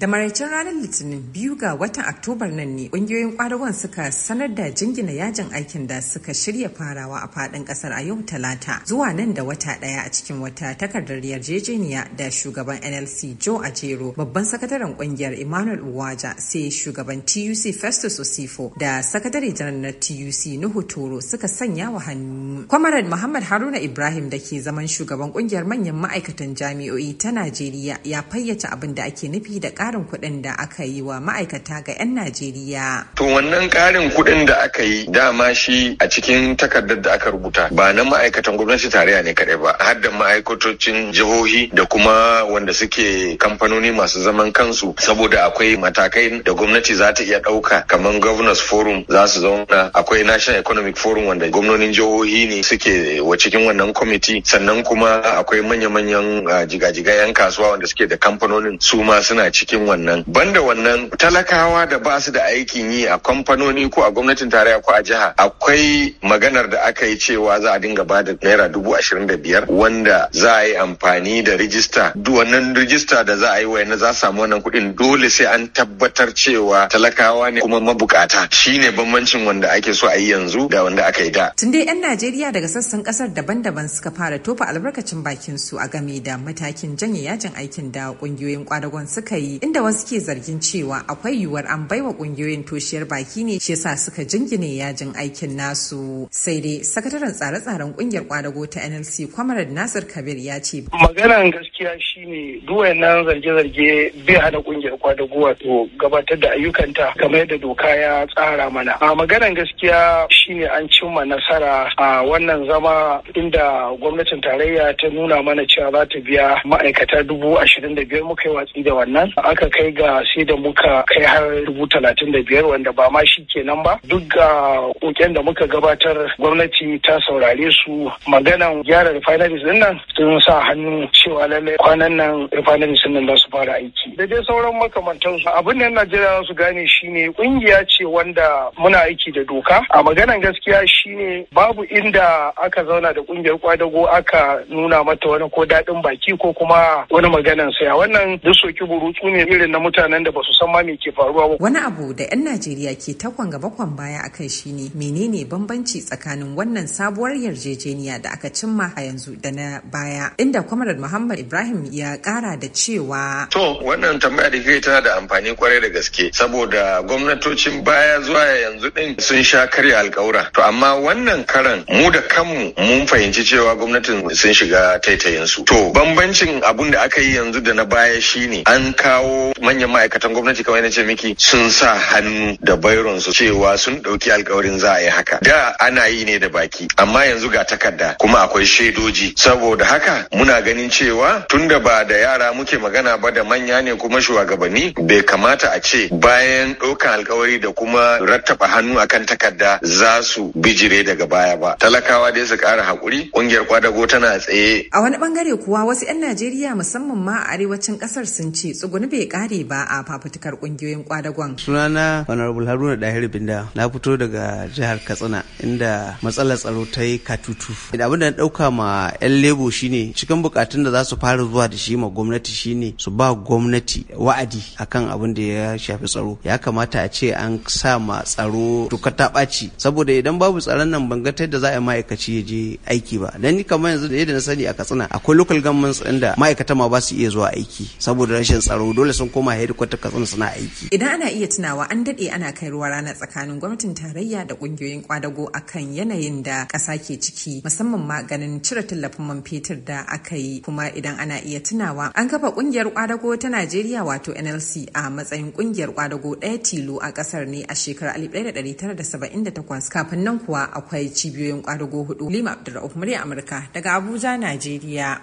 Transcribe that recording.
Da maraicin ranar Litinin biyu ga watan Oktobar nan ne ƙungiyoyin ƙwadagon suka sanar da jingina yajin aikin da suka shirya farawa a faɗin ƙasar a yau Talata zuwa nan da wata ɗaya a cikin wata takardar yarjejeniya da shugaban NLC Joe Ajero, babban sakataren ƙungiyar Emmanuel Uwaja sai shugaban TUC Festus Osifo da sakatare janar na TUC Nuhu Toro suka sanya wa hannu. kwamarad Muhammad Haruna Ibrahim da ke zaman shugaban ƙungiyar manyan ma'aikatan jami'o'i ta Najeriya ya fayyace abin da ake nufi da Karin kuɗin da aka yi wa ma'aikata ga 'yan Najeriya. To wannan karin kuɗin da aka yi dama shi a cikin takardar da aka rubuta ba na ma'aikatan gwamnati tarayya ne kaɗai ba har da ma'aikatocin jihohi da kuma wanda suke kamfanoni masu zaman kansu saboda akwai matakai da gwamnati za ta iya ɗauka kamar governors forum za su zauna akwai national economic forum wanda gwamnonin jihohi ne suke wa cikin wannan kwamiti sannan kuma akwai manya-manyan ah, jiga 'yan kasuwa wanda suke da kamfanonin su ma suna cikin cikin wannan banda wannan talakawa da ba su da aikin yi a kamfanoni ko a gwamnatin tarayya ko a jiha akwai maganar da aka yi cewa za a dinga ba da naira dubu ashirin da biyar wanda za a yi amfani da rijista duk wannan rijista da za a yi wayan za su samu wannan kuɗin dole sai an tabbatar cewa talakawa ne kuma mabukata shine bambancin wanda ake so a yi yanzu da wanda aka yi da. Tun dai 'yan Najeriya daga sassan kasar daban-daban suka fara tofa albarkacin bakin su a game da matakin janye yajin aikin da kungiyoyin kwadagon suka yi inda wasu ke zargin cewa akwai yiwuwar an baiwa kungiyoyin toshiyar baki ne shi yasa suka jingine yajin aikin nasu sai dai sakataren tsare-tsaren kungiyar kwadago ta nlc kwamarad nasir kabir ya ce maganan gaskiya shine duwayen zarge-zarge bai hana kungiyar kwadago wato gabatar da ayyukanta kamar yadda doka ya tsara mana a maganan gaskiya shine an cimma nasara a wannan zama inda gwamnatin tarayya ta nuna mana cewa za ta biya ma'aikata dubu ashirin da biyar muka yi watsi da wannan aka kai ga sai da muka kai har dubu talatin da biyar wanda ba ma shi kenan ba duk ga koken da muka gabatar gwamnati ta saurare su maganan gyara refineries din nan sun sa hannu cewa lallai kwanan nan refineries din nan za su fara aiki da dai sauran makamantan su abin da najeriya su gane shine kungiya ce wanda muna aiki da doka a maganan gaskiya shine babu inda aka zauna da kungiyar kwadago aka nuna mata wani ko daɗin baki ko kuma wani maganan saya wannan duk soki burutsu ne irin na mutanen da basu su san ma me ke faruwa ba. Wani abu da 'yan Najeriya ke takwan gaba kwan baya akai shine menene bambanci tsakanin wannan sabuwar yarjejeniya da aka cimma a yanzu da na baya inda kwamarar Muhammad Ibrahim ya kara da cewa. To wannan tambaya da ke tana da amfani kwarai da gaske saboda gwamnatocin baya zuwa yanzu din sun sha karya alkawura. To amma wannan karan mu da kanmu mun fahimci cewa gwamnatin sun shiga taitayinsu. To bambancin abun da aka yi yanzu da na baya shine an kawo kawo manyan ma'aikatan gwamnati kamar yadda ce miki sun sa hannu da bairon su cewa sun ɗauki alkawarin za a yi haka da ana yi ne da baki amma yanzu ga takarda kuma akwai shaidoji saboda haka muna ganin cewa tunda ba da yara muke magana ba da manya ne kuma shugabanni bai kamata a ce bayan ɗaukan alkawari da kuma rattaba hannu akan takarda za su bijire daga baya ba talakawa dai su ƙara haƙuri ƙungiyar kwadago tana tsaye a wani bangare kuwa wasu 'yan najeriya musamman ma a arewacin ƙasar sun ce tsuguni bai bai kare ba a fafutukar kungiyoyin kwadagon. Sunana Honorable Haruna Dahiru Binda na fito daga jihar Katsina inda matsalar tsaro ta yi katutu. Abin da na dauka ma 'yan lebo shine cikin bukatun da za su fara zuwa da shi ma gwamnati shine su ba gwamnati wa'adi akan abin da ya shafi tsaro. Ya kamata a ce an sa ma tsaro tuka ta ɓaci saboda idan babu tsaron nan ban ga ta yadda za a ma'aikaci ya je aiki ba. Dan ni kamar yanzu da yadda na sani a Katsina akwai local governments inda ma'aikata ma ba su iya zuwa aiki saboda rashin tsaro dole dole sun koma hedikwatar katsina suna aiki idan ana iya tunawa an daɗe ana kai ruwa rana tsakanin gwamnatin tarayya da ƙungiyoyin kwadago a kan yanayin da ƙasa ke ciki musamman ma ganin cire tallafin man fetur da aka yi kuma idan ana iya tunawa an kafa ƙungiyar kwadago ta Najeriya wato NLC a matsayin ƙungiyar kwadago ɗaya tilo a ƙasar ne a shekarar 1978 kafin nan kuwa akwai cibiyoyin kwadago hudu Lima Abdulrauf murya Amurka daga Abuja Najeriya